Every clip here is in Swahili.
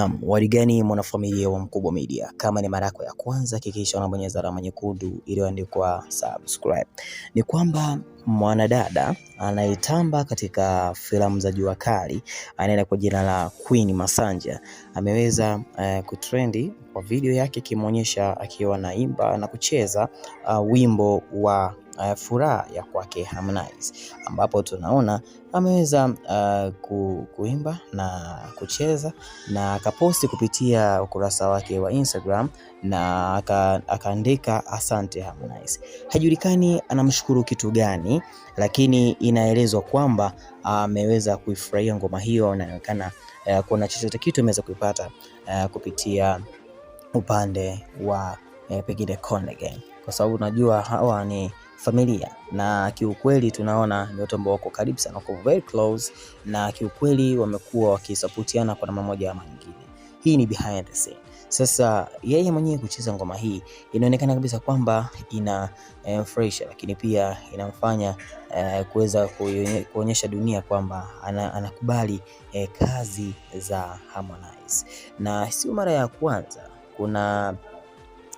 Naam, habari gani mwanafamilia wa Mkubwa Media, kama ni mara yako ya kwanza hakikisha unabonyeza alama nyekundu iliyoandikwa subscribe. Ni kwamba mwanadada anayetamba katika filamu za jua kali anaenda kwa jina la Queen Masanja ameweza eh, kutrendi kwa video yake ikimwonyesha akiwa naimba na kucheza uh, wimbo wa uh, furaha ya kwake Harmonize, ambapo tunaona ameweza uh, kuimba na kucheza na akaposti kupitia ukurasa wake wa Instagram na akaandika asante Harmonize. Hajulikani anamshukuru kitu gani, lakini inaelezwa kwamba ameweza uh, kuifurahia ngoma hiyo na inaonekana uh, kuna chochote kitu ameweza kuipata uh, kupitia upande wa uh, pengine Konde Gang kwa sababu unajua hawa ni familia na kiukweli tunaona ni watu ambao wako karibu sana, wako very close, na kiukweli wamekuwa wakisapotiana kwa namna moja ama nyingine. Hii ni behind the scene. Sasa yeye mwenyewe kucheza ngoma hii inaonekana kabisa kwamba ina eh, fresh, lakini pia inamfanya eh, kuweza kuonyesha dunia kwamba anakubali eh, kazi za Harmonize, na sio mara ya kwanza. Kuna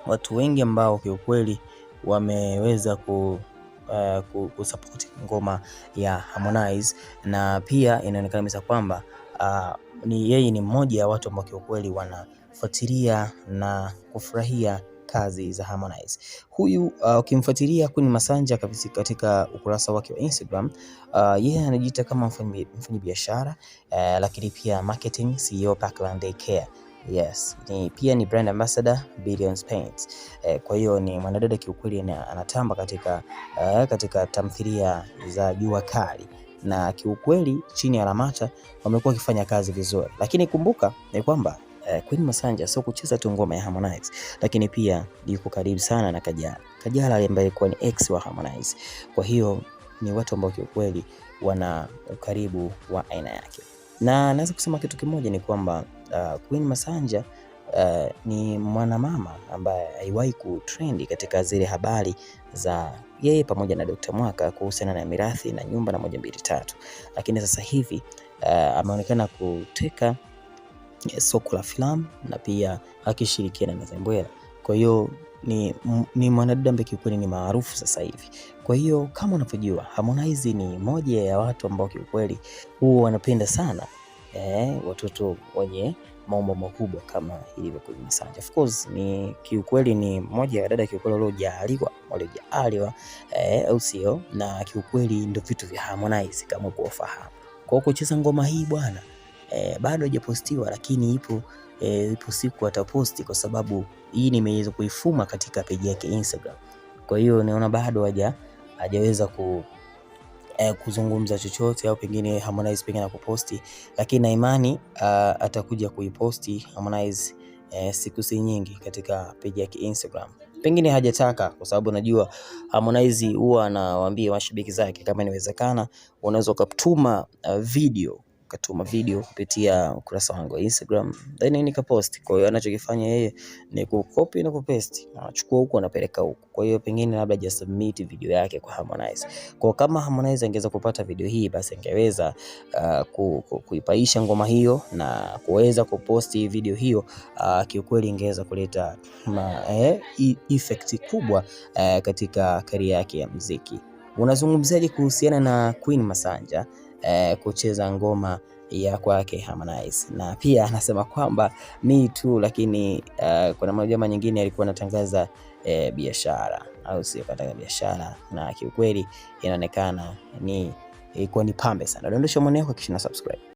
watu wengi ambao kiukweli wameweza ku uh, eh, kusupport ngoma ya Harmonize na pia inaonekana misa kwamba uh, ni yeye ni mmoja ya watu ambao kiukweli wanafuatilia na kufurahia kazi za Harmonize. Huyu ah, ukimfuatilia uh, Queen Masanja kabisa katika ukurasa wake wa Instagram uh, yeye anajiita kama mfanyabiashara uh, eh, lakini pia marketing CEO Parkland Daycare. Yes, ni pia ni brand ambassador Billions Paints. Eh, kwa hiyo ni mwanadada kiukweli anatamba katika, uh, katika tamthilia za jua kali na kiukweli chini ya Lamata wamekuwa wakifanya kazi vizuri, lakini kumbuka ni kwamba eh, Queen Masanja sio kucheza tu ngoma ya Harmonize, lakini pia yuko karibu sana na Kajala. Kajala ambaye alikuwa ni ex wa Harmonize, kwa hiyo ni watu ambao kiukweli wana ukaribu wa aina yake na naweza kusema kitu kimoja ni kwamba uh, Queen Masanja uh, ni mwanamama ambaye haiwahi kutrendi katika zile habari za yeye pamoja na Dr. Mwaka kuhusiana na mirathi na nyumba na moja mbili tatu, lakini sasa hivi uh, ameonekana kuteka soko la filamu na pia akishirikiana na Zembwela. Kwa hiyo ni, ni mwanadada ambaye kiukweli ni maarufu sasa hivi. Kwa hiyo kama unavyojua Harmonize ni moja ya watu ambao kiukweli huwa wanapenda sana eh, watoto wenye maumbo makubwa kama ilivyo Queen Masanja. Of course ni kiukweli ni moja ya dada kiukweli waliojaaliwa eh, au sio? Na kiukweli ndio vitu vya Harmonize kama kuwafahamu kwa kucheza ngoma hii bwana eh, bado haijapostiwa lakini ipo e, ipo siku ataposti, kwa sababu hii nimeweza kuifuma katika peji yake Instagram. Kwa hiyo naona bado haja hajaweza ku eh, kuzungumza chochote au pengine Harmonize pengine na kuposti, lakini na imani uh, atakuja kuiposti Harmonize eh, siku si nyingi katika peji yake Instagram. Pengine hajataka kwa sababu najua Harmonize huwa anawaambia mashabiki zake, kama inawezekana, unaweza ukatuma uh, video katuma video kupitia ukurasa wangu wa Instagram then nikaposti. Kwa hiyo anachokifanya yeye ni kukopi na kupaste, anachukua huko anapeleka huko. Kwa hiyo pengine labda just submit video yake kwa Harmonize. Kwa kama Harmonize angeza kupata video hii, basi angeweza uh, ku, ku, kuipaisha ngoma hiyo na kuweza kuposti video hiyo uh, kiukweli ingeweza kuleta eh, effect kubwa uh, katika career yake ya muziki. Unazungumzaje kuhusiana na Queen Masanja? eh, kucheza ngoma ya kwake Harmonize na pia anasema kwamba me too, lakini uh, kuna mwanajama nyingine alikuwa anatangaza eh, biashara au sio, kataka biashara, na kiukweli inaonekana ni ilikuwa ni pambe sana. Dondosha maoni yako kisha na subscribe.